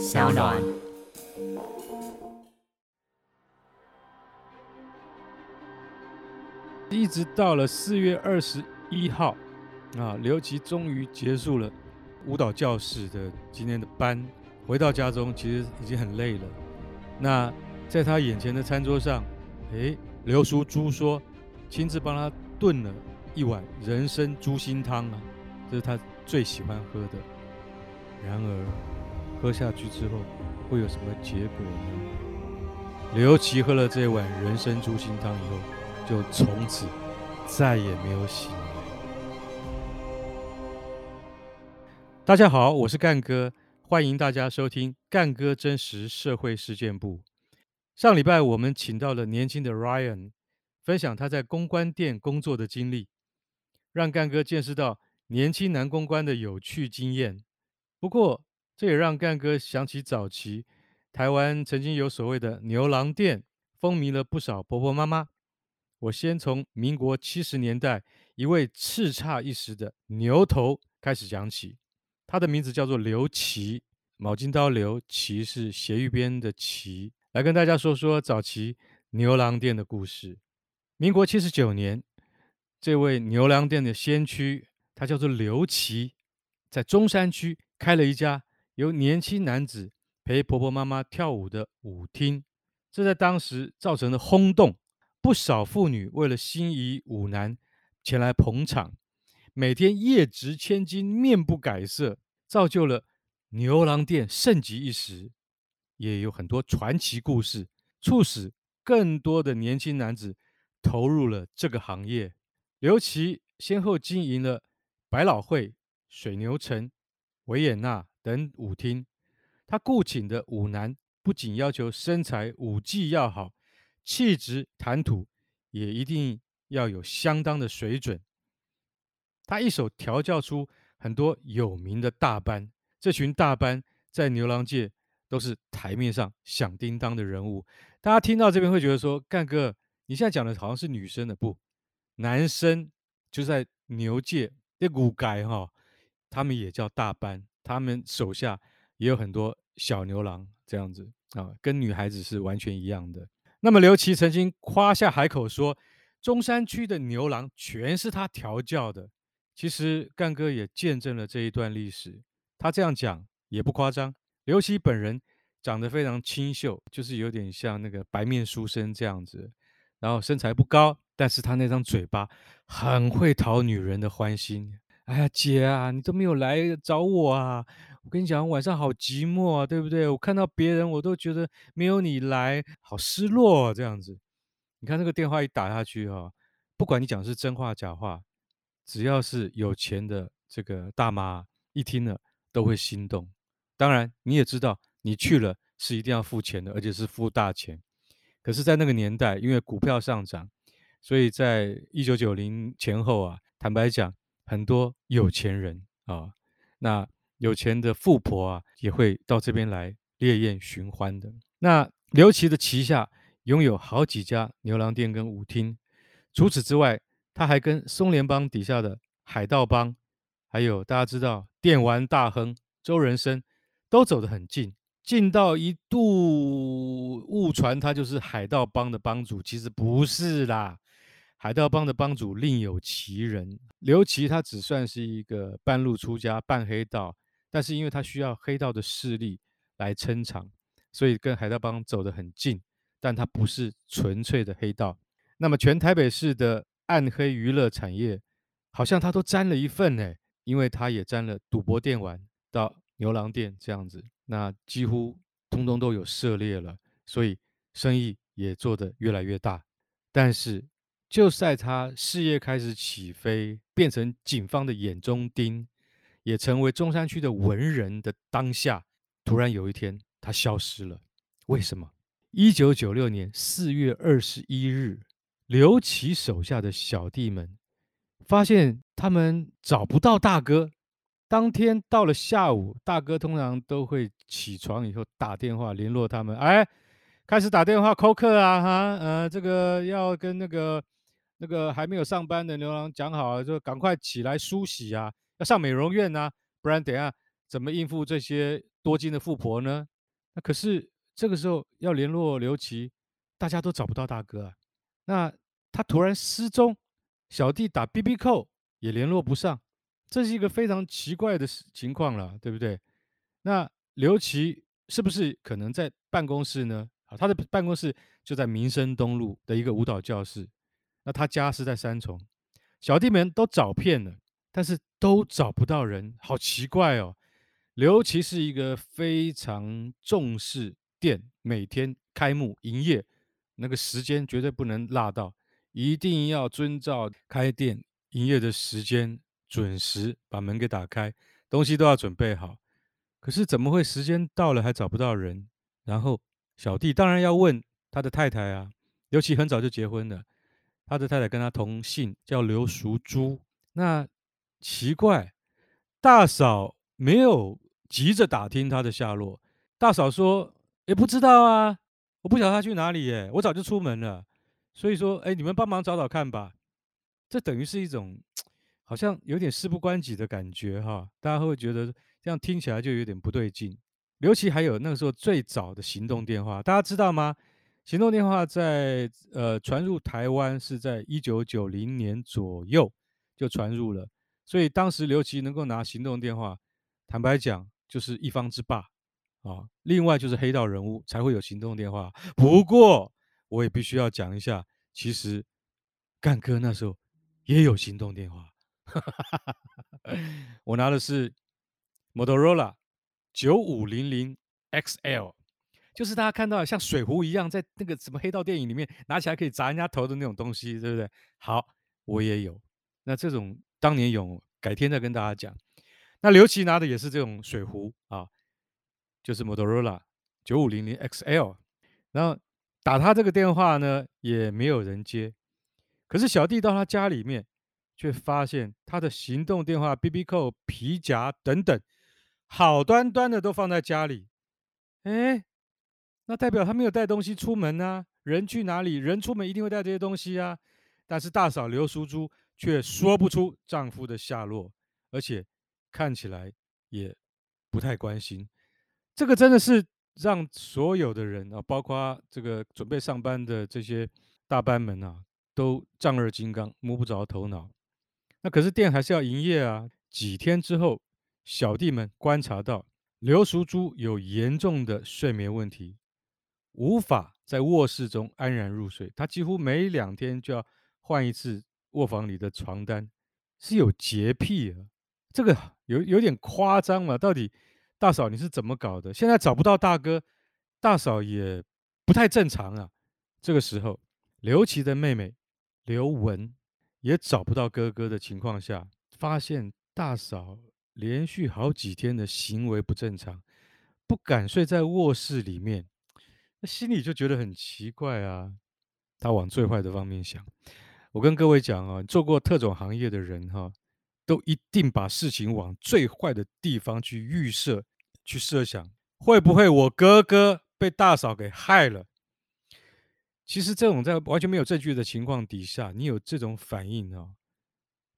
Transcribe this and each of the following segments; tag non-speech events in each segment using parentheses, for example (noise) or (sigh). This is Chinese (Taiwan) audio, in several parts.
SoundOn。一直到了四月二十一號，啊，劉琦終於結束了舞蹈教室的今天的班，回到家中，其實已經很累了。那在他眼前的餐桌上，哎，劉淑珠說親自幫他燉了一碗人參豬心湯啊，這是他最喜歡喝的。然而。喝下去之後會有什麼結果呢？劉琦喝了這一碗人參豬心湯以後，就從此再也沒有醒來。大家好，我是乾哥，歡迎大家收聽乾哥真實社會事件簿。上禮拜我們請到了年輕的 Ryan，分享他在公關店工作的經歷，讓乾哥見識到年輕男公關的有趣經驗。不過，這也讓幹哥想起早期台灣曾經有所謂的牛郎店，風靡了不少婆婆媽媽。我先從民國七十年代一位叱咤一時的牛頭開始講起，他的名字叫做劉琦，卯金刀劉，琦是斜玉邊的琦，來跟大家說說早期牛郎店的故事。民國七十九年，這位牛郎店的先驅，他叫做劉琦，在中山區開了一家。由年輕男子陪婆婆媽媽跳舞的舞廳，這在當時造成了轟動，不少婦女為了心儀舞男前來捧場，每天夜擲千金，面不改色，造就了牛郎店盛極一時，也有很多傳奇故事，促使更多的年輕男子投入了這個行業。劉琦先後經營了百老匯、水牛城、維也納、等舞廳，他僱請的舞男不僅要求身材、舞技要好，氣質、談吐也一定要有相當的水準。他一手調教出很多有名的大班，這群大班在牛郎界都是台面上響叮當的人物。大家聽到這邊會覺得說：“幹哥，你現在講的好像是女生的不？男生就在牛界那股街哈、哦，他們也叫大班。”他們手下也有很多小牛郎這樣子啊，跟女孩子是完全一樣的。那麼劉琦曾經誇下海口說，中山區的牛郎全是他調教的。其實幹哥也見證了這一段歷史，他這樣講也不誇張。劉琦本人長得非常清秀，就是有點像那個白面書生這樣子，然後身材不高，但是他那張嘴巴很會討女人的歡心。哎呀，姐啊，你都沒有來找我啊！我跟你講，晚上好寂寞啊，對不對？我看到別人，我都覺得沒有你來，好失落啊，這樣子。你看這個電話一打下去哈、哦，不管你講是真話假話，只要是有錢的這個大媽一聽了都會心動。當然你也知道，你去了是一定要付錢的，而且是付大錢。可是，在那個年代，因為股票上漲，所以在一九九零前後啊，坦白講。很多有錢人啊、哦，那有錢的富婆啊，也會到這邊來獵艷尋歡的。那劉琦的旗下擁有好幾家牛郎店跟舞廳，除此之外，他還跟松聯幫底下的海盜幫，還有大家知道電玩大亨周仁生，都走得很近，近到一度誤傳他就是海盜幫的幫主，其實不是啦。海盜幫的幫主另有其人，劉琦他只算是一個半路出家、半黑道，但是因為他需要黑道的勢力來撐場，所以跟海盜幫走得很近。但他不是純粹的黑道，那麼全台北市的暗黑娛樂產業，好像他都沾了一份呢、哎，因為他也沾了賭博電玩到牛郎店這樣子，那幾乎通通都有涉獵了，所以生意也做得越來越大，但是。就在他事業開始起飛，變成警方的眼中釘，也成為中山區的文人的當下，突然有一天他消失了。為什麼？一九九六年四月二十一日，劉琦手下的小弟們發現他們找不到大哥。當天到了下午，大哥通常都會起床以後打電話聯絡他們，哎，開始打電話扣客啊，哈，呃，這個要跟那個。那個還沒有上班的牛郎講好啊，就趕快起來梳洗啊，要上美容院啊，不然等一下怎麼應付這些多金的富婆呢？那可是這個時候要聯絡劉琦，大家都找不到大哥啊。那他突然失蹤，小弟打 BB call 也聯絡不上，這是一個非常奇怪的情況了，對不對？那劉琦是不是可能在辦公室呢？啊，他的辦公室就在民生東路的一個舞蹈教室。那他家是在三重，小弟們都找遍了，但是都找不到人，好奇怪哦。劉琦是一個非常重視店每天開幕營業那個時間絕對不能落到，一定要遵照開店營業的時間準時把門給打開，東西都要準備好。可是怎麼會時間到了還找不到人？然後小弟當然要問他的太太啊，劉琦很早就結婚了。他的太太跟他同姓，叫劉淑珠。那奇怪，大嫂沒有急着打聽他的下落。大嫂說：“也不知道啊，我不曉得他去哪裡耶，我早就出門了。”所以說，哎，你們幫忙找找看吧。這等於是一種，好像有點事不關己的感覺哈、哦。大家會覺得這樣聽起來就有點不對勁。尤其還有那個時候最早的行動電話，大家知道嗎？行動電話在呃傳入台灣是在一九九零年左右就傳入了，所以當時劉琦能夠拿行動電話，坦白講就是一方之霸啊。另外就是黑道人物才會有行動電話。不過我也必須要講一下，其實幹哥那時候也有行動電話， (laughs) 我拿的是 Motorola 九五零零 XL。就是大家看到像水壺一樣，在那個什麼黑道電影裡面拿起來可以砸人家頭的那種東西，對不對？好，我也有。那這種當年有，改天再跟大家講。那劉琦拿的也是這種水壺啊，就是 Motorola 9500 XL。然後打他這個電話呢，也沒有人接。可是小弟到他家裡面，卻發現他的行動電話、BB 扣、皮夾等等，好端端的都放在家裡。誒、欸。那代表他沒有帶東西出門啊？人去哪裡？人出門一定會帶這些東西啊。但是大嫂劉淑珠卻說不出丈夫的下落，而且看起來也不太關心。這個真的是讓所有的人啊，包括這個準備上班的這些大班們啊，都丈二金剛摸不着頭腦。那可是店還是要營業啊。幾天之後，小弟們觀察到劉淑珠有嚴重的睡眠問題。無法在臥室中安然入睡，他幾乎每兩天就要換一次臥房裡的床單，是有潔癖啊，這個有有點誇張嘛，到底大嫂你是怎麼搞的？現在找不到大哥，大嫂也不太正常啊。這個時候，劉琦的妹妹劉雯也找不到哥哥的情況下，發現大嫂連續好幾天的行為不正常，不敢睡在臥室裡面。那心裡就覺得很奇怪啊，他往最壞的方面想。我跟各位講哦，做過特種行業的人哈、哦，都一定把事情往最壞的地方去預設、去設想，會不會我哥哥被大嫂給害了？其實這種在完全沒有證據的情況底下，你有這種反應呢、哦，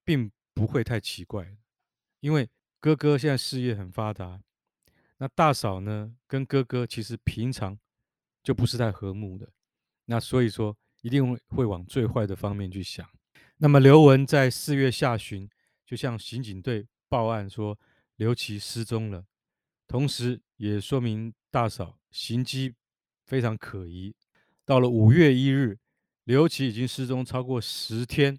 並不會太奇怪，因為哥哥現在事業很發達，那大嫂呢，跟哥哥其實平常。就不是太和睦的，那所以說一定會往最壞的方面去想。那麼劉文在四月下旬就向刑警隊報案說劉琦失蹤了，同時也說明大嫂行跡非常可疑。到了五月一日，劉琦已經失蹤超過十天，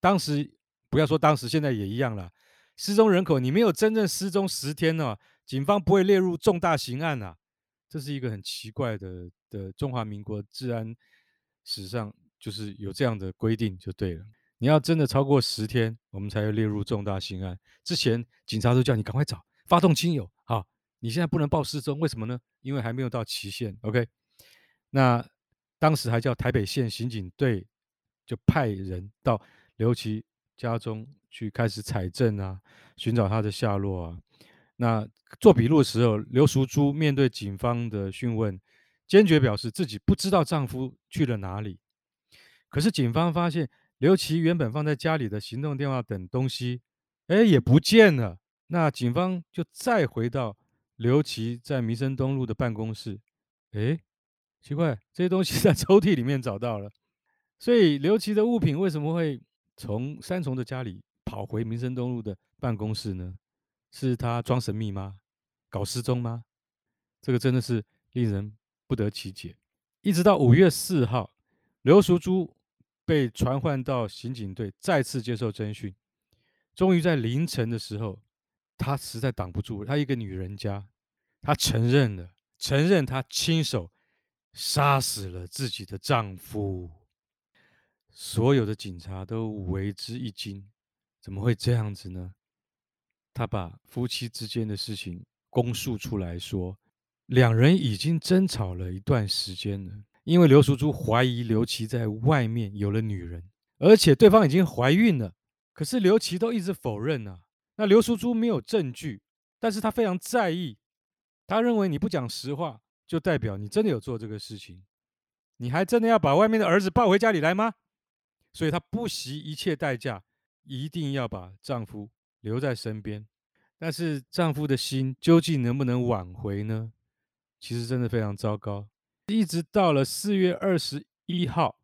當時不要說當時，現在也一樣了。失蹤人口你沒有真正失蹤十天呢，啊，警方不會列入重大刑案啊。這是一個很奇怪的的中華民國治安史上，就是有這樣的規定就對了。你要真的超過十天，我們才會列入重大刑案。之前警察都叫你趕快找，發動親友。好，你現在不能報失蹤，為什麼呢？因為還沒有到期限。OK，那當時還叫台北縣刑警隊就派人到劉琦家中去開始採證啊，尋找他的下落啊。那做筆錄的時候，劉淑珠面對警方的訊問，堅決表示自己不知道丈夫去了哪裡。可是警方發現，劉琦原本放在家裡的行動電話等東西，哎、欸，也不見了。那警方就再回到劉琦在民生東路的辦公室，哎、欸，奇怪，這些東西在抽屜裡面找到了。所以劉琦的物品為什麼會從三重的家裡跑回民生東路的辦公室呢？是他裝神秘嗎？搞失蹤嗎？這個真的是令人不得其解。一直到五月四號，劉淑珠被傳喚到刑警隊，再次接受偵訊。終於在凌晨的時候，她實在擋不住，她一個女人家，她承認了，承認她親手殺死了自己的丈夫。所有的警察都為之一驚，怎麼會這樣子呢？她把夫妻之間的事情供述出來說，兩人已經爭吵了一段時間了。因為劉淑珠懷疑劉琦在外面有了女人，而且對方已經懷孕了。可是劉琦都一直否認啊。那劉淑珠沒有證據，但是她非常在意。她認為你不講實話，就代表你真的有做這個事情。你還真的要把外面的兒子抱回家裡來嗎？所以她不惜一切代價，一定要把丈夫。留在身邊，但是丈夫的心究竟能不能挽回呢？其實真的非常糟糕。一直到了四月二十一號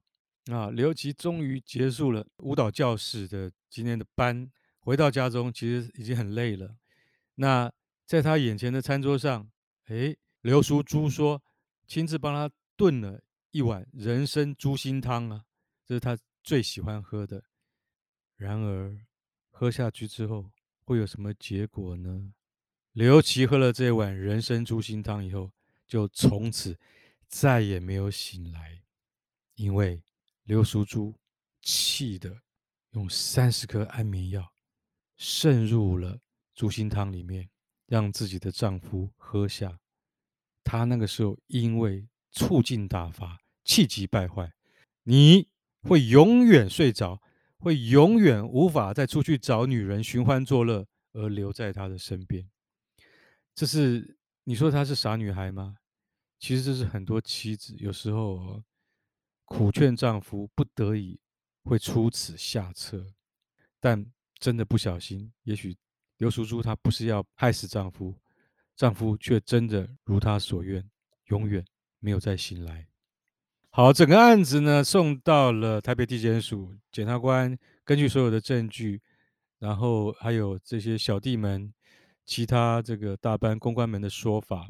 啊，劉琦終於結束了舞蹈教室的今天的班，回到家中，其實已經很累了。那在他眼前的餐桌上，哎，劉淑珠說親自幫他燉了一碗人參豬心湯啊，這是他最喜歡喝的。然而。喝下去之後會有什麼結果呢？劉琦喝了這碗人參豬心湯以後，就從此再也沒有醒來。因為劉淑珠氣得用三十顆安眠藥滲入了豬心湯裡面，讓自己的丈夫喝下。她那個時候因為醋勁大發，氣急敗壞，你會永遠睡着。會永遠無法再出去找女人尋歡作樂，而留在她的身邊。這是你說她是傻女孩嗎？其實這是很多妻子有時候苦勸丈夫不得已會出此下策，但真的不小心，也許劉淑珠她不是要害死丈夫，丈夫卻真的如她所願，永遠沒有再醒來。好，整個案子呢，送到了台北地檢署，檢察官根據所有的證據，然後還有這些小弟們、其他這個大班公關們的說法，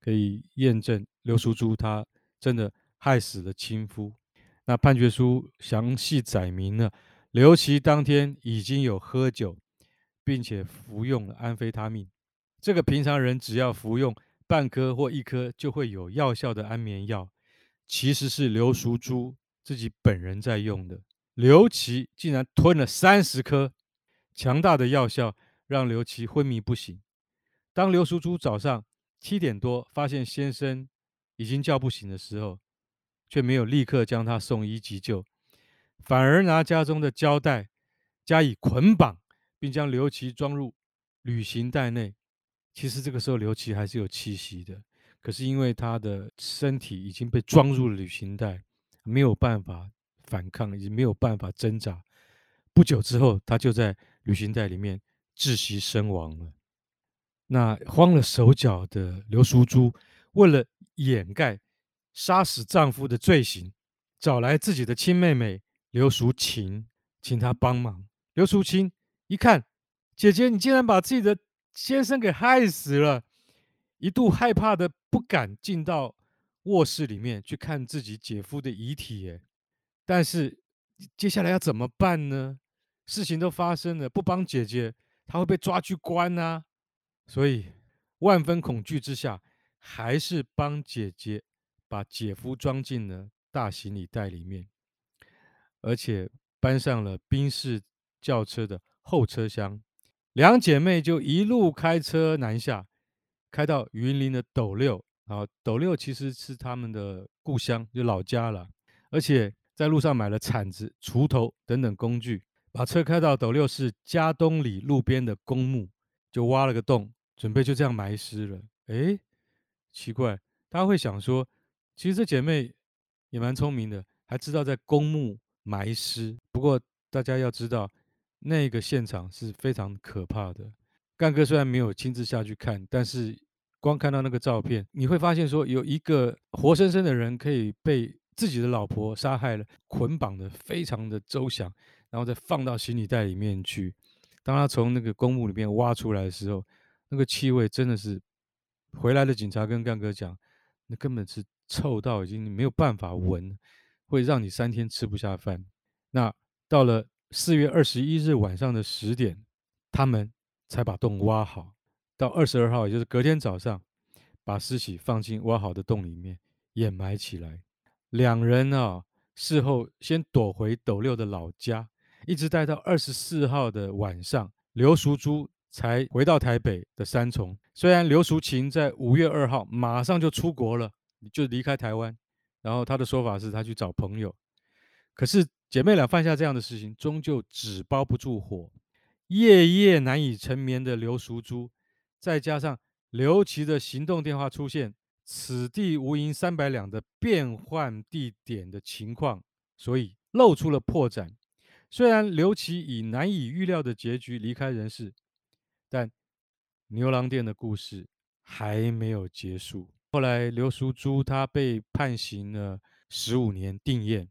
可以驗證劉淑珠她真的害死了親夫。那判決書詳細載明了，劉琦當天已經有喝酒，並且服用了安非他命，這個平常人只要服用半顆或一顆就會有藥效的安眠藥。其實是劉淑珠自己本人在用的，劉琦竟然吞了三十顆，強大的藥效讓劉琦昏迷不醒。當劉淑珠早上七點多發現先生已經叫不醒的時候，卻沒有立刻將他送醫急救，反而拿家中的膠帶加以捆綁，並將劉琦裝入旅行袋內。其實這個時候劉琦還是有氣息的。可是因為她的身體已經被裝入了旅行袋，沒有辦法反抗，已經沒有辦法掙扎。不久之後，她就在旅行袋裡面窒息身亡了。那慌了手腳的劉淑珠，為了掩蓋殺死丈夫的罪行，找來自己的親妹妹劉淑琴，請她幫忙。劉淑琴一看，姐姐，你竟然把自己的先生給害死了！一度害怕的，不敢進到臥室裡面去看自己姐夫的遺體哎，但是接下來要怎麼辦呢？事情都發生了，不幫姐姐，她會被抓去關啊！所以萬分恐懼之下，還是幫姐姐把姐夫裝進了大行李袋裡面，而且搬上了賓士轎車的後車廂，兩姐妹就一路開車南下。開到雲林的斗六，啊，斗六其實是他們的故鄉，就老家了。而且在路上買了鏟子、鋤頭等等工具，把車開到斗六市家東里路邊的公墓，就挖了個洞，準備就這樣埋屍了。誒，奇怪，大家會想說，其實這姐妹也蠻聰明的，還知道在公墓埋屍。不過大家要知道，那個現場是非常可怕的。幹哥雖然沒有親自下去看，但是光看到那個照片，你會發現說有一個活生生的人可以被自己的老婆殺害了，捆綁的非常的周詳，然後再放到行李袋裡面去。當他從那個公墓裡面挖出來的時候，那個氣味真的是，回來的警察跟幹哥講，那根本是臭到已經沒有辦法聞，會讓你三天吃不下飯。那到了四月二十一日晚上的十點，他們，才把洞挖好，到二十二號，也就是隔天早上，把屍體放進挖好的洞裡面掩埋起來。兩人啊、哦，事後先躲回斗六的老家，一直待到二十四號的晚上，劉淑珠才回到台北的三重。雖然劉淑琴在五月二號馬上就出國了，就離開台灣，然後她的說法是她去找朋友。可是姐妹倆犯下這樣的事情，終究紙包不住火。夜夜難以成眠的劉淑珠，再加上劉琦的行動電話出現“此地無銀三百兩”的變換地點的情況，所以露出了破綻。雖然劉琦以難以預料的結局離開人世，但牛郎店的故事還沒有結束。後來，劉淑珠她被判刑了十五年定讞，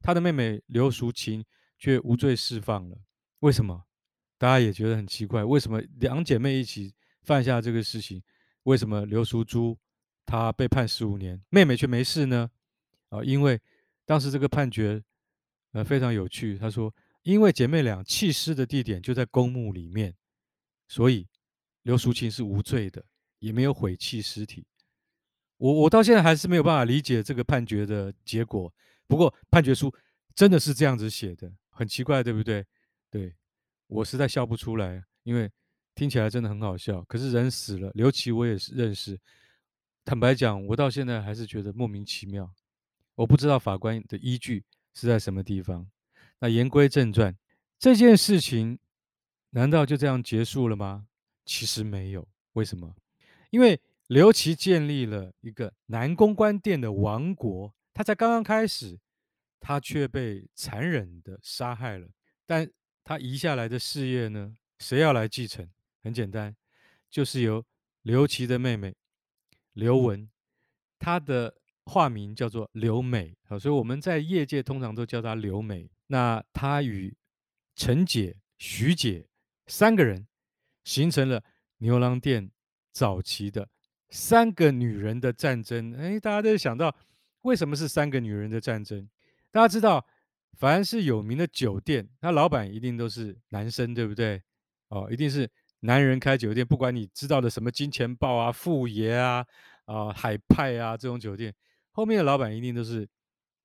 她的妹妹劉淑琴卻無罪釋放了。為什麼？大家也覺得很奇怪，為什麼兩姐妹一起犯下這個事情？為什麼劉淑珠她被判十五年，妹妹卻沒事呢？啊，因為當時這個判決呃非常有趣，他說，因為姐妹倆棄屍的地點就在公墓裡面，所以劉淑琴是無罪的，也沒有毀棄屍體。我我到現在還是沒有辦法理解這個判決的結果。不過判決書真的是這樣子寫的，很奇怪，對不對？對。我實在笑不出來，因為聽起來真的很好笑。可是人死了，劉琦我也是認識。坦白講，我到現在還是覺得莫名其妙。我不知道法官的依據是在什麼地方。那言歸正傳，這件事情難道就這樣結束了嗎？其實沒有，為什麼？因為劉琦建立了一個男公關店的王國，他才剛剛開始，他卻被殘忍的殺害了。但他遺下來的事業呢？誰要來繼承？很簡單，就是由劉琦的妹妹劉雯，她的化名叫做劉美啊，所以我們在業界通常都叫她劉美。那她與陳姐、徐姐三個人，形成了牛郎店早期的三個女人的戰爭。哎，大家都想到為什麼是三個女人的戰爭？大家知道。凡是有名的酒店，那老板一定都是男生，對不對？哦，一定是男人開酒店。不管你知道的什麼金錢豹啊、富爺啊、啊、呃、海派啊這種酒店，後面的老板一定都是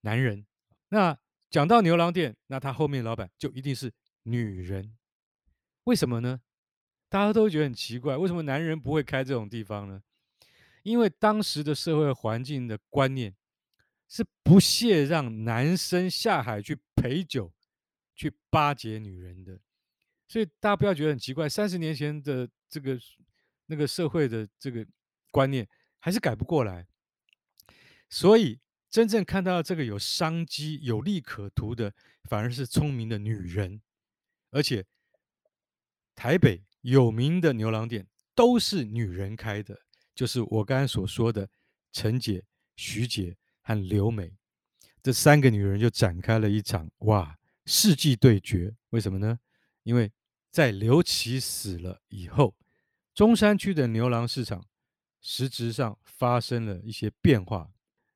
男人。那講到牛郎店，那他後面的老板就一定是女人。為什麼呢？大家都覺得很奇怪，為什麼男人不會開這種地方呢？因為當時的社會環境的觀念。是不屑讓男生下海去陪酒，去巴結女人的，所以大家不要覺得很奇怪。三十年前的這個、那個社會的這個觀念還是改不過來，所以真正看到這個有商機、有利可圖的，反而是聰明的女人。而且台北有名的牛郎店都是女人開的，就是我剛才所說的陳姐、徐姐、和劉美，這三個女人就展開了一場哇，世紀對決。為什麼呢？因為在劉琦死了以後，中山區的牛郎市場實質上發生了一些變化。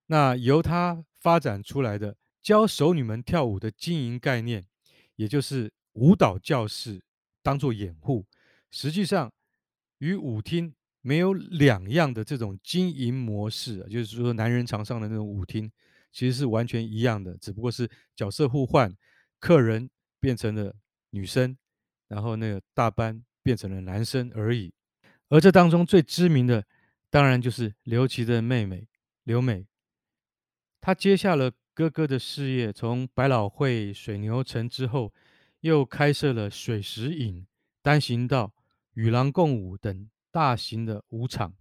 那由他發展出來的教熟女們跳舞的經營概念，也就是舞蹈教室，當做掩護，實際上與舞廳沒有兩樣的這種經營模式啊，就是說，男人常上的那種舞廳，其實是完全一樣的，只不過是角色互換，客人變成了女生，然後那個大班變成了男生而已。而這當中最知名的，當然就是劉琦的妹妹劉美，她接下了哥哥的事業，從百老匯、水牛城之後，又開設了水石影、單行道、與狼共舞等，大型的舞場，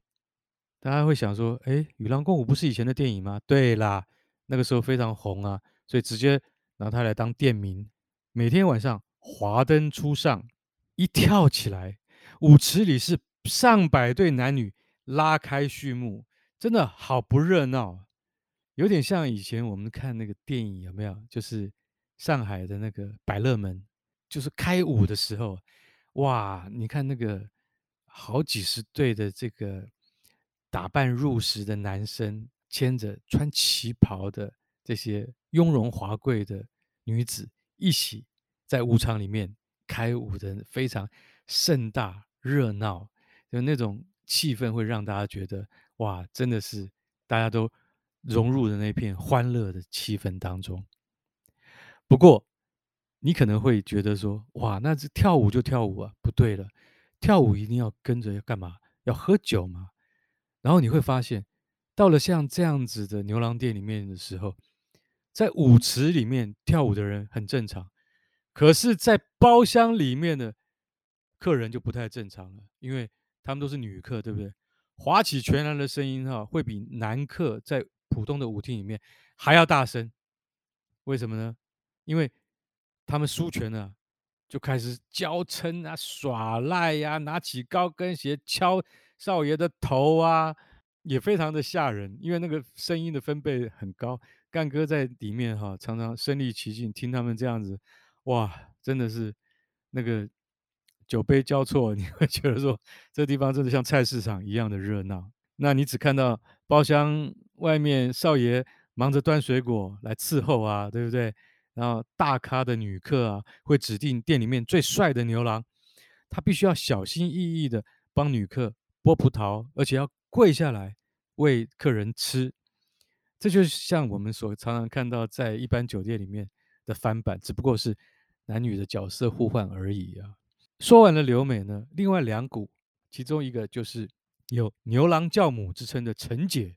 大家會想說，誒，《與狼共舞》不是以前的電影嗎？對啦，那個時候非常紅啊，所以直接拿它來當店名。每天晚上華燈初上，一跳起來，舞池裡是上百對男女拉開序幕，真的好不熱鬧，有點像以前我們看那個電影有沒有？就是上海的那個百樂門，就是開舞的時候，哇，你看那個。好幾十對的這個打扮入時的男生，牽着穿旗袍的這些雍容華貴的女子，一起在舞場裡面開舞的，非常盛大熱鬧，就那種氣氛會讓大家覺得哇，真的是大家都融入了那片歡樂的氣氛當中。不過你可能會覺得說哇，那這跳舞就跳舞啊，不對了，跳舞一定要跟着要幹嘛？要喝酒嘛？然後你會發現，到了像這樣子的牛郎店裡面的時候，在舞池裡面跳舞的人很正常，可是，在包廂裡面的客人就不太正常了，因為他們都是女客，對不對？划起拳來的聲音哈、哦，會比男客在普通的舞廳裡面還要大聲。為什麼呢？因為他們輸拳了、啊。就開始嬌嗔啊，耍賴呀、啊，拿起高跟鞋敲少爺的頭啊，也非常的嚇人，因為那個聲音的分貝很高。幹哥在裡面哈、啊，常常身臨其境，聽他們這樣子，哇，真的是那個酒杯交錯，你會覺得說，這地方真的像菜市場一樣的熱鬧。那你只看到包廂外面少爺忙着端水果來伺候啊，對不對？然後大咖的女客啊，會指定店裡面最帥的牛郎，他必須要小心翼翼的幫女客剝葡萄，而且要跪下來餵客人吃。這就是像我們所常常看到在一般酒店裡面的翻版，只不過是男女的角色互換而已啊。說完了劉美呢，另外兩股，其中一個就是有牛郎教母之稱的陳姐。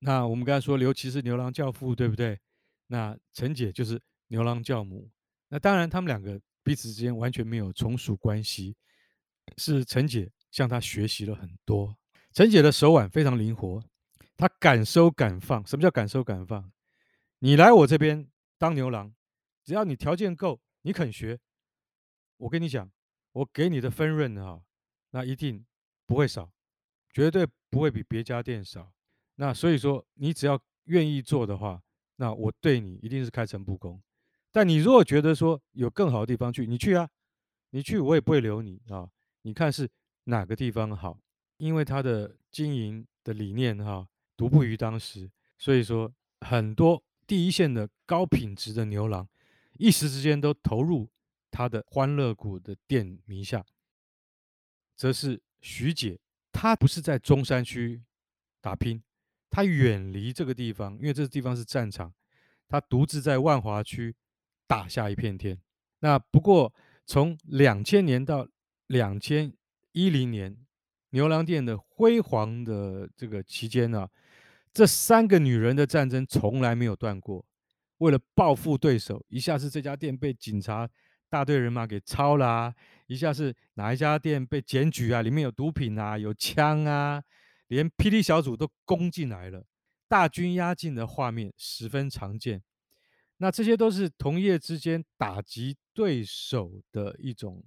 那我們剛才說劉琦是牛郎教父，對不對？那陳姐就是。牛郎教母，那當然，他們兩個彼此之間完全沒有從屬關係。是陳姐向他學習了很多。陳姐的手腕非常靈活，她敢收敢放。什麼叫敢收敢放？你來我這邊當牛郎，只要你條件夠，你肯學，我跟你講，我給你的分潤啊、哦，那一定不會少，絕對不會比別家店少。那所以說，你只要願意做的話，那我對你一定是開誠佈公。但你如果覺得說有更好的地方去，你去啊，你去我也不會留你啊、哦。你看是哪個地方好。因為他的經營的理念哈、哦，獨步於當時，所以說很多第一線的高品質的牛郎，一時之間都投入他的歡樂谷的店名下。則是徐姐，她不是在中山區打拼，她遠離這個地方，因為這個地方是戰場，她獨自在萬華區打下一片天。那不過從兩千年到兩千一零年，牛郎店的輝煌的這個期間呢、啊，這三個女人的戰爭從來沒有斷過。為了報復對手，一下是這家店被警察大隊人馬給抄了、啊，一下是哪一家店被檢舉啊，裡面有毒品啊，有槍啊，連霹靂小組都攻進來了，大軍壓境的畫面十分常見。那這些都是同業之間打擊對手的一種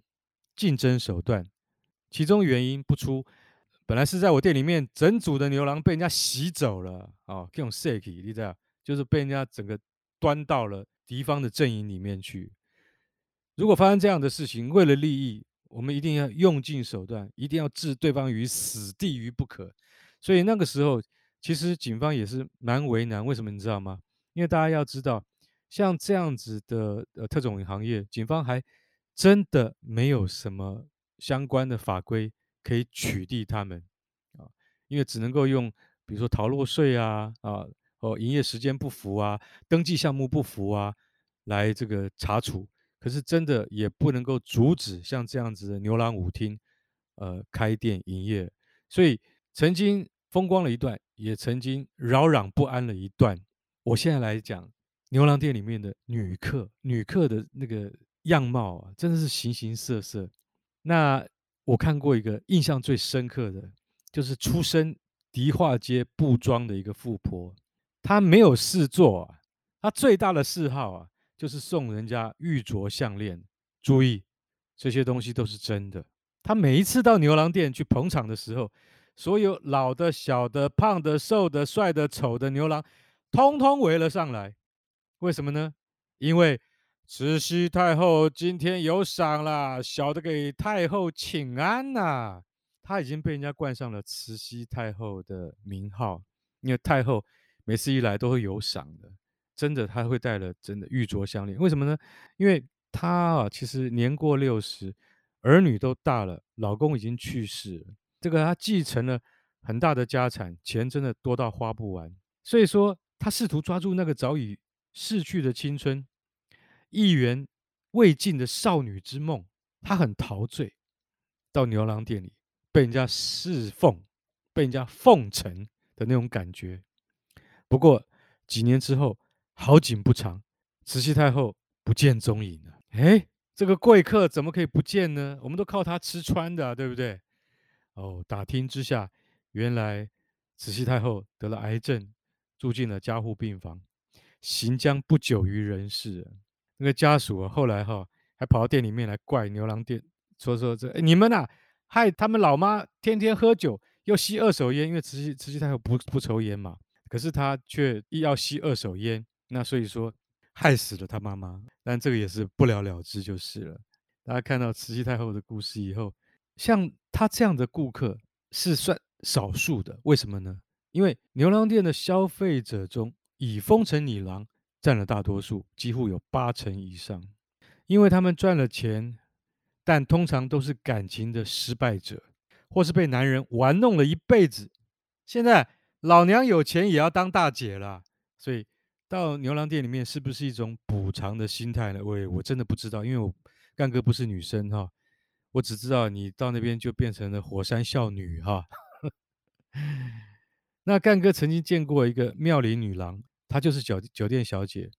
競爭手段，其中原因不出，本來是在我店裡面整組的牛郎被人家洗走了啊、哦，這種設計你知道，就是被人家整個端到了敵方的陣營裡面去。如果發生這樣的事情，為了利益，我們一定要用盡手段，一定要置對方於死地於不可。所以那個時候，其實警方也是蠻為難，為什麼你知道嗎？因為大家要知道。像這樣子的呃特種行業，警方還真的沒有什麼相關的法規可以取締他們啊，因為只能夠用比如說逃漏稅啊啊，哦、啊、呃、營業時間不符啊，登記項目不符啊，來這個查處，可是真的也不能夠阻止像這樣子的牛郎舞廳呃開店營業，所以曾經風光了一段，也曾經擾攘不安了一段，我現在來講。牛郎店裡面的女客，女客的那個樣貌啊，真的是形形色色。那我看過一個印象最深刻的，就是出身迪化街布莊的一個富婆，她沒有事做啊，她最大的嗜好啊，就是送人家玉鐲項鏈。注意，這些東西都是真的。她每一次到牛郎店去捧場的時候，所有老的、小的、胖的、瘦的、帥的、醜的牛郎，通通圍了上來。為什麼呢？因為慈禧太后今天有賞了，小的給太后請安吶、啊。她已經被人家冠上了慈禧太後的名號，因為太后每次一來都會有賞的。真的，她會戴了真的玉鐲項鏈。為什麼呢？因為她啊，其實年過六十，兒女都大了，老公已經去世了，這個她繼承了很大的家產，錢真的多到花不完。所以說，她試圖抓住那個早已。逝去的青春，一圓未盡的少女之夢，她很陶醉，到牛郎店裡被人家侍奉、被人家奉承的那種感覺。不過幾年之後，好景不長，慈禧太後不見蹤影了。哎，這個貴客怎麼可以不見呢？我們都靠他吃穿的啊，對不對？哦，打聽之下，原來慈禧太后得了癌症，住進了加護病房。行將不久於人世，那個家屬啊，後來哈還跑到店裡面來怪牛郎店，說說這、欸、你們啊害他們老媽天天喝酒又吸二手煙，因為慈禧慈禧太後不不抽煙嘛，可是他卻又要吸二手煙，那所以說害死了他媽媽。但這個也是不了了之就是了。大家看到慈禧太後的故事以後，像他這樣的顧客是算少數的，為什麼呢？因為牛郎店的消費者中，以風塵女郎佔了大多數，幾乎有八成以上，因為他們賺了錢，但通常都是感情的失敗者，或是被男人玩弄了一輩子。現在老娘有錢也要當大姐了，所以到牛郎店裡面是不是一種補償的心態呢？喂，我真的不知道，因為我幹哥不是女生哈、哦，我只知道你到那邊就變成了火山少女哈。哦、 (laughs) 那幹哥曾經見過一個妙齡女郎。她就是酒酒店小姐，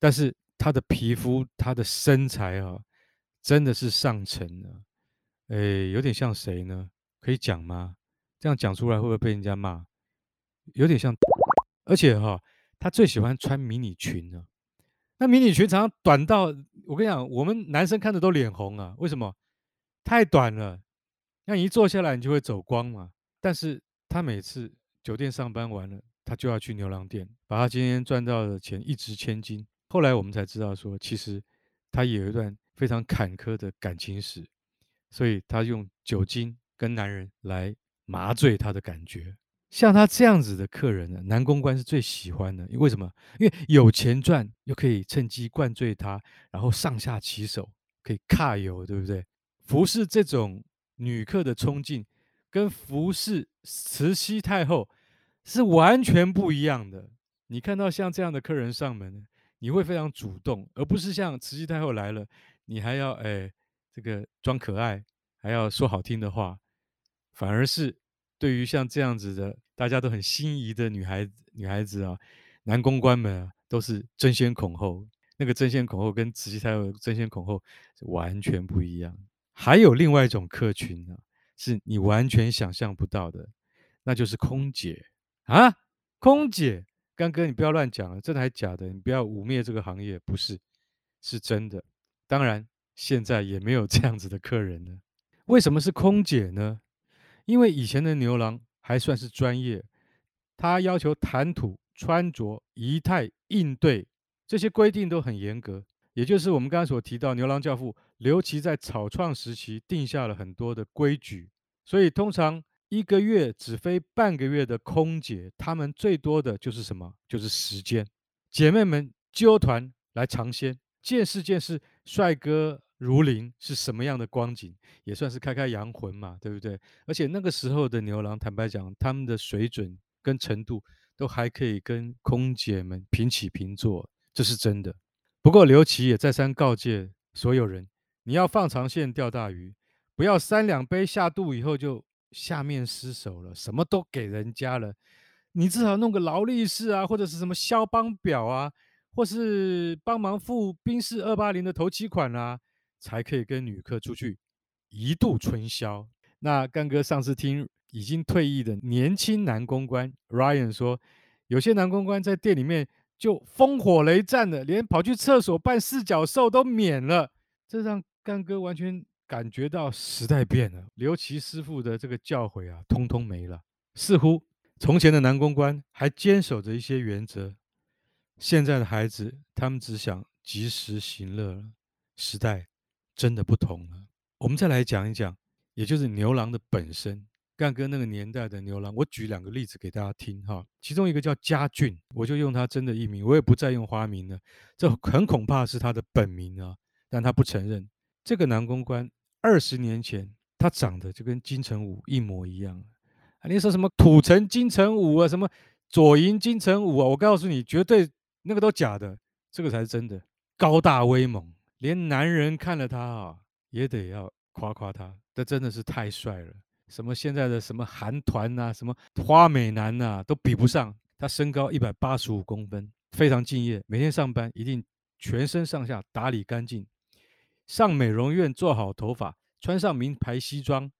但是她的皮膚、她的身材啊、哦，真的是上乘的。誒，有點像誰呢？可以講嗎？這樣講出來會不會被人家罵？有點像，而且哈，她最喜歡穿迷你裙呢、啊、那迷你裙長短到我跟你講，我們男生看着都臉紅啊。為什麼？太短了，那你一坐下來你就會走光嘛。但是她每次酒店上班完了。他就要去牛郎店，把他今天賺到的錢一擲千金。後來我們才知道說，說其實他也有一段非常坎坷的感情史，所以他用酒精跟男人來麻醉他的感覺。像他這樣子的客人呢，男公關是最喜歡的，因為什麼？因為有錢賺，又可以趁機灌醉他，然後上下其手，可以揩油，對不對？服侍這種女客的衝勁，跟服侍慈禧太後，是完全不一樣的。你看到像這樣的客人上門，你會非常主動，而不是像慈禧太後來了，你還要哎，這個裝可愛，還要說好聽的話。反而是對於像這樣子的大家都很心儀的女孩、女孩子啊，男公關們啊，都是爭先恐後。那個爭先恐後跟慈禧太后爭先恐後是完全不一樣。還有另外一種客群呢啊，是你完全想象不到的，那就是空姐。啊，空姐，幹哥，你不要亂講了，真的還假的，你不要污衊這個行業。不是，是真的。當然，現在也沒有這樣子的客人了。為什麼是空姐呢？因為以前的牛郎還算是專業，他要求談吐、穿着、儀態、應對這些規定都很嚴格，也就是我們剛剛所提到牛郎教父劉琦在草創時期定下了很多的規矩，所以通常。一個月只飛半個月的空姐，他們最多的就是什麼？就是時間。姐妹們，揪團來嘗鮮，見識見識帥哥如林是什麼樣的光景，也算是開開洋葷嘛，對不對？而且那個時候的牛郎，坦白講，他們的水準跟程度都還可以跟空姐們平起平坐，這是真的。不過劉琦也再三告誡所有人，你要放長線釣大魚，不要三兩杯下肚以後就。下面失守了，什麼都給人家了，你至少弄個勞力士啊，或者是什麼肖邦表啊，或是幫忙付賓士二八零的頭期款啊，才可以跟女客出去一度春宵。那干哥上次聽已經退役的年輕男公關 Ryan 說，有些男公關在店裡面就烽火雷戰的，連跑去廁所辦四腳獸都免了，這讓干哥完全。感覺到時代變了，劉琦師傅的這個教誨啊，通通沒了。似乎從前的男公關還堅守着一些原則，現在的孩子他們只想及時行樂。時代真的不同了。我們再來講一講，也就是牛郎的本身。幹哥那個年代的牛郎，我舉兩個例子給大家聽哈。其中一個叫家俊，我就用他真的藝名，我也不再用花名了。這很恐怕是他的本名啊，但他不承認。這個男公關。二十年前，他長得就跟金城武一模一樣。啊、你說什麼土城金城武啊，什麼左營金城武啊？我告訴你，絕對那個都假的，這個才是真的。高大威猛，連男人看了他啊，也得要誇誇他，他真的是太帥了。什麼現在的什麼韓團吶、啊，什麼花美男吶、啊，都比不上他。身高一百八十五公分，非常敬業，每天上班一定全身上下打理乾淨。上美容院做好頭髮，穿上名牌西裝，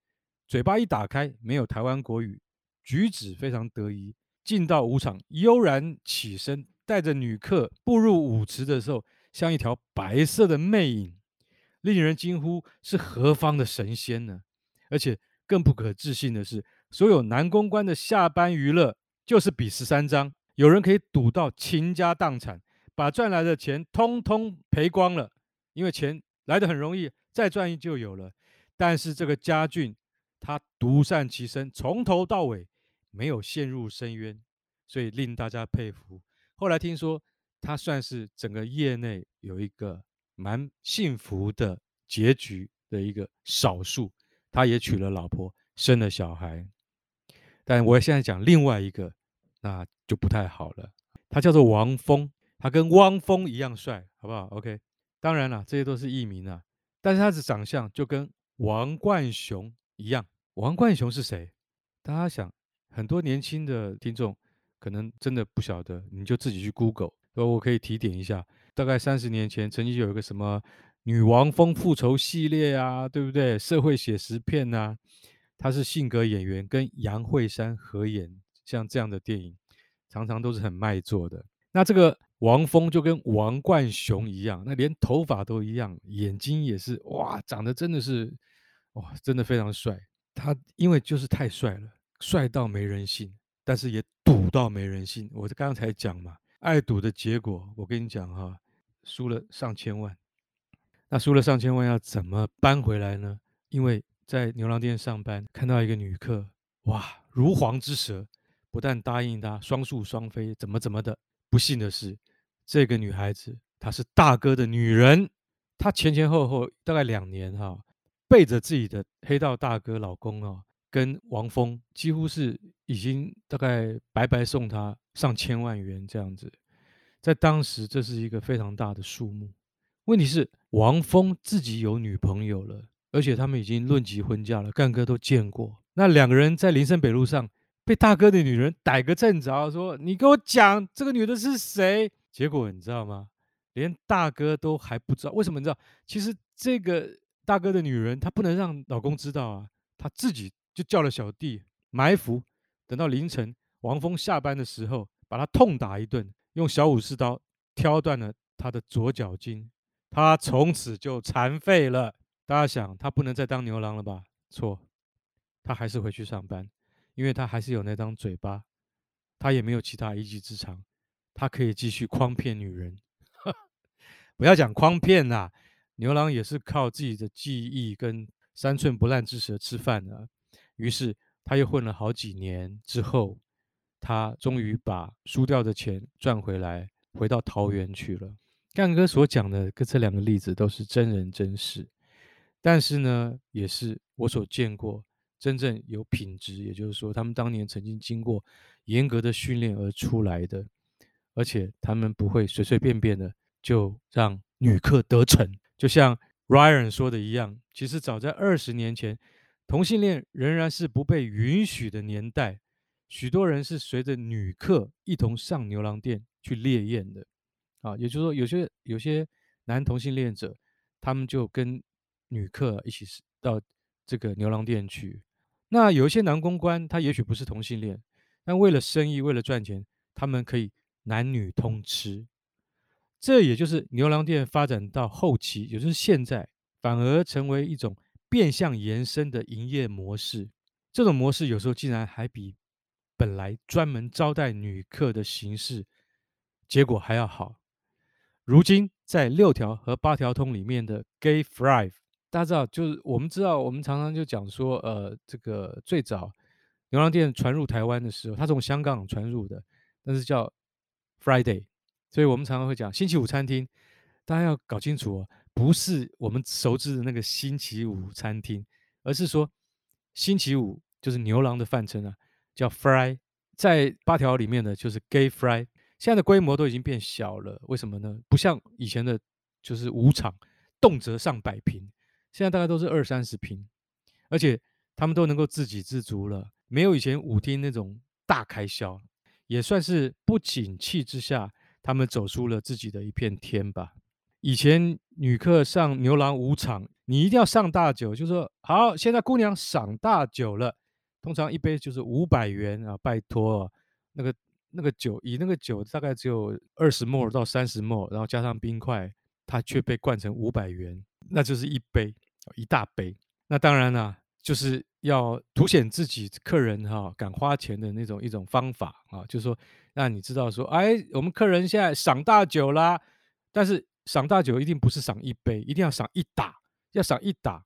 嘴巴一打開沒有台灣國語，舉止非常得宜。進到舞場，悠然起身，帶着女客步入舞池的時候，像一條白色的魅影，令人驚呼是何方的神仙呢？而且更不可置信的是，所有男公關的下班娛樂就是比十三張，有人可以賭到傾家蕩產，把賺來的錢通通賠光了，因為錢。來得很容易，再賺一就有了。但是這個嘉駿，他獨善其身，從頭到尾沒有陷入深淵，所以令大家佩服。後來聽說，他算是整個業內有一個蠻幸福的結局的一個少數。他也娶了老婆，生了小孩。但我現在講另外一個，那就不太好了。他叫做王峯，他跟汪峰一樣帥，好不好？OK。當然了，這些都是藝名啊，但是他的長相就跟王冠雄一樣。王冠雄是誰？大家想，很多年輕的聽眾可能真的不曉得，你就自己去 Google。所以我可以提點一下，大概三十年前曾經有一個什麼《女王蜂復仇》系列啊，對不對？社會寫實片啊，他是性格演員，跟楊惠姍合演，像這樣的電影，常常都是很賣座的。那這個。王峰就跟王冠雄一樣，那連頭髮都一樣，眼睛也是哇，長得真的是哇，真的非常帥。他因為就是太帥了，帥到沒人信，但是也賭到沒人信，我剛才講嘛，愛賭的結果，我跟你講哈啊，輸了上千萬。那輸了上千萬要怎麼搬回來呢？因為在牛郎店上班，看到一個女客，哇，如簧之舌，不但答應他雙宿雙飛，怎麼怎麼的。不幸的是，這個女孩子她是大哥的女人，她前前後後大概兩年哈、啊，背着自己的黑道大哥老公啊，跟王峰幾乎是已經大概白白送他上千萬元這樣子，在當時這是一個非常大的數目。問題是王峰自己有女朋友了，而且他們已經論及婚嫁了，乾哥都見過。那兩個人在林森北路上。被大哥的女人逮個正着、啊，說：“你給我講這個女的是誰？”結果你知道嗎？連大哥都還不知道為什麼？你知道，其實這個大哥的女人她不能讓老公知道啊，她自己就叫了小弟埋伏，等到凌晨王峯下班的時候，把他痛打一頓，用小武士刀挑斷了他的左腳筋，他從此就殘廢了。大家想，他不能再當牛郎了吧？錯，他還是回去上班。因為他還是有那張嘴巴，他也沒有其他一技之長，他可以繼續誆騙女人。 (laughs) 不要講誆騙啦、啊，牛郎也是靠自己的技藝跟三寸不爛之舌吃飯的、啊。於是他又混了好幾年之後，他終於把輸掉的錢賺回來，回到桃園去了。乾哥所講的這兩個例子都是真人真事，但是呢，也是我所見過。真正有品質，也就是說，他們當年曾經經過嚴格的訓練而出來的，而且他們不會隨隨便便的就讓女客得逞。就像 Ryan 說的一樣，其實早在二十年前，同性戀仍然是不被允許的年代，許多人是隨着女客一同上牛郎店去獵艷的。啊，也就是說，有些有些男同性戀者，他們就跟女客一起到這個牛郎店去。那有一些男公關，他也許不是同性戀，但為了生意，為了賺錢，他們可以男女通吃。這也就是牛郎店發展到後期，也就是現在，反而成為一種變相延伸的營業模式。這種模式有時候竟然還比本來專門招待女客的形式結果還要好。如今在六條和八條通裡面的 Gay Thrive。大家知道，就是我們知道，我們常常就講說，呃，這個最早牛郎店傳入台灣的時候，它從香港傳入的，那是叫 Friday，所以我們常常會講星期五餐廳。大家要搞清楚哦，不是我們熟知的那個星期五餐廳，而是說星期五就是牛郎的泛稱啊，叫 Fri，在八條裡面呢，就是 Gay Fri。現在的規模都已經變小了，為什麼呢？不像以前的，就是舞場，動輒上百坪。現在大概都是二三十坪，而且他們都能夠自給自足了，沒有以前舞廳那種大開銷，也算是不景氣之下他們走出了自己的一片天吧。以前女客上牛郎舞場，你一定要上大酒，就是、說好。現在姑娘賞大酒了，通常一杯就是五百元啊，拜託、哦，那個那個酒以那個酒大概只有二十末到三十末然後加上冰塊，它卻被灌成五百元，那就是一杯。一大杯，那當然啦，啊，就是要凸顯自己客人哈，哦，敢花錢的那種一種方法啊，就是說，讓你知道說，哎，我們客人現在賞大酒啦，但是賞大酒一定不是賞一杯，一定要賞一打，要賞一打，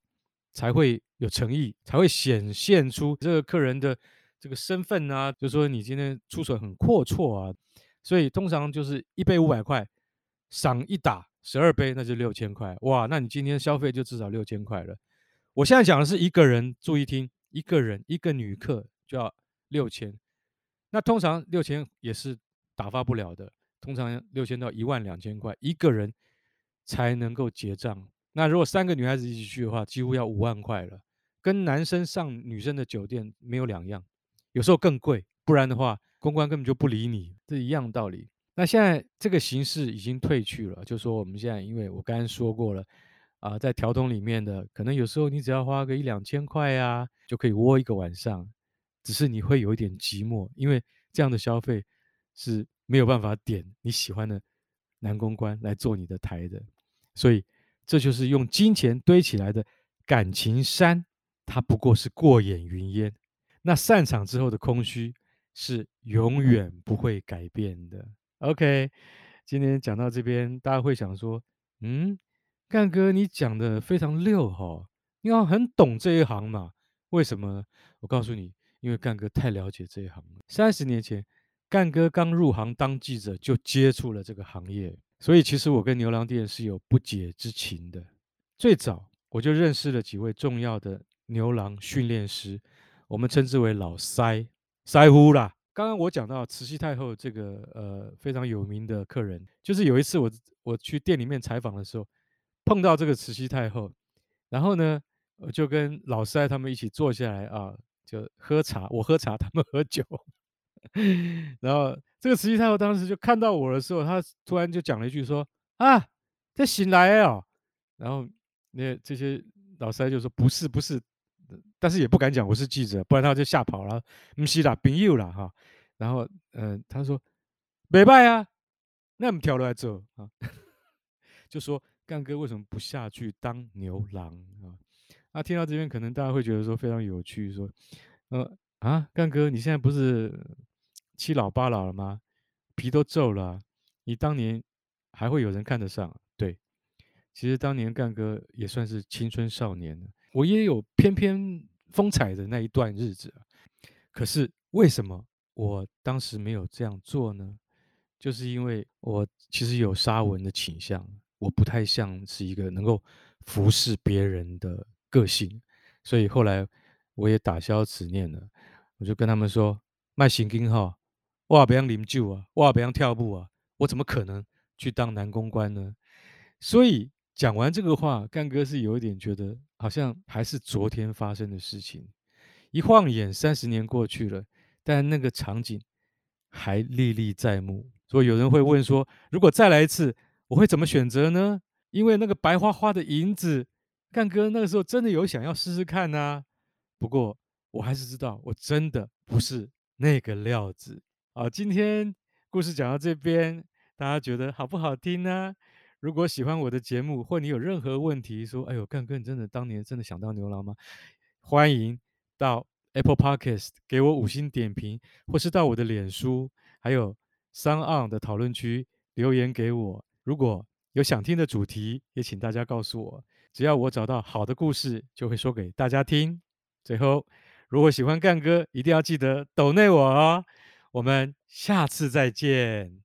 才會有誠意，才會顯現出這個客人的這個身份啊，就是說你今天出手很闊綽啊，所以通常就是一杯五百塊，賞一打。十二杯那就六千塊哇，那你今天消費就至少六千塊了。我現在講的是一個人，注意聽，一個人一個女客就要六千，那通常六千也是打發不了的，通常六千到一萬兩千塊一個人才能夠結賬。那如果三個女孩子一起去的話，幾乎要五萬塊了，跟男生上女生的酒店沒有兩樣，有時候更貴，不然的話公關根本就不理你，這一樣道理。那現在這個形式，已經退去了，就說我們現在，因為我剛剛說過了，啊、呃，在條通裡面的，可能有時候你只要花個一兩千塊啊，就可以窩一個晚上，只是你會有一點寂寞，因為這樣的消費是沒有辦法點你喜歡的男公關來做你的台的，所以這就是用金錢堆起來的感情山，它不過是過眼雲煙，那散場之後的空虛是永遠不會改變的。OK，今天講到這邊，大家會想說，嗯，幹哥你講得非常溜吼，你要很懂這一行嘛？為什麼？我告訴你，因為幹哥太了解這一行了。三十年前，幹哥剛入行當記者，就接觸了這個行業，所以其實我跟牛郎店是有不解之情的。最早我就認識了幾位重要的牛郎訓練師，我們稱之為老塞，塞呼啦。剛剛我講到慈禧太后這個呃非常有名的客人，就是有一次我我去店裡面採訪的時候，碰到這個慈禧太後，然後呢我就跟老師他們一起坐下來啊，就喝茶，我喝茶，他們喝酒。 (laughs) 然後這個慈禧太后當時就看到我的時候，她突然就講了一句說：“啊，這新來的哦。”然後那這些老師就說：“不是，不是。”但是也不敢講我是記者，不然他就嚇跑了。不是啦，朋友啦哈。然後，嗯、啊呃，他說沒拜啊，那我們跳落來做啊，就說幹哥為什麼不下去當牛郎啊？那、啊、聽到這邊，可能大家會覺得說非常有趣，說，呃啊，幹哥你現在不是七老八老了嗎？皮都皺了，你當年還會有人看得上？對，其實當年幹哥也算是青春少年。我也有翩翩風采的那一段日子，可是為什麼我當時沒有這樣做呢？就是因為我其實有沙文的傾向，我不太像是一個能夠服侍別人的個性，所以後來我也打消此念了。我就跟他們說：“賣行軍號，哇， (music) 不要領救啊，哇、啊，我不要跳舞啊，我怎麼可能去當男公關呢？”所以。講完這個話，幹哥是有一點覺得，好像還是昨天發生的事情，一晃眼三十年過去了，但那個場景還歷歷在目。所以有人會問說，如果再來一次，我會怎麼選擇呢？因為那個白花花的銀子，幹哥那個時候真的有想要試試看啊。不過我還是知道，我真的不是那個料子。好，啊，今天故事講到這邊，大家覺得好不好聽呢，啊？如果喜歡我的節目，或你有任何問題，說“哎呦，幹哥，你真的當年真的想當牛郎嗎？”歡迎到 Apple Podcast 給我五星點評，或是到我的臉書還有三 n 的討論區留言給我。如果有想聽的主題，也請大家告訴我。只要我找到好的故事，就會說給大家聽。最後，如果喜歡幹哥，一定要記得抖內我哦。我們下次再見。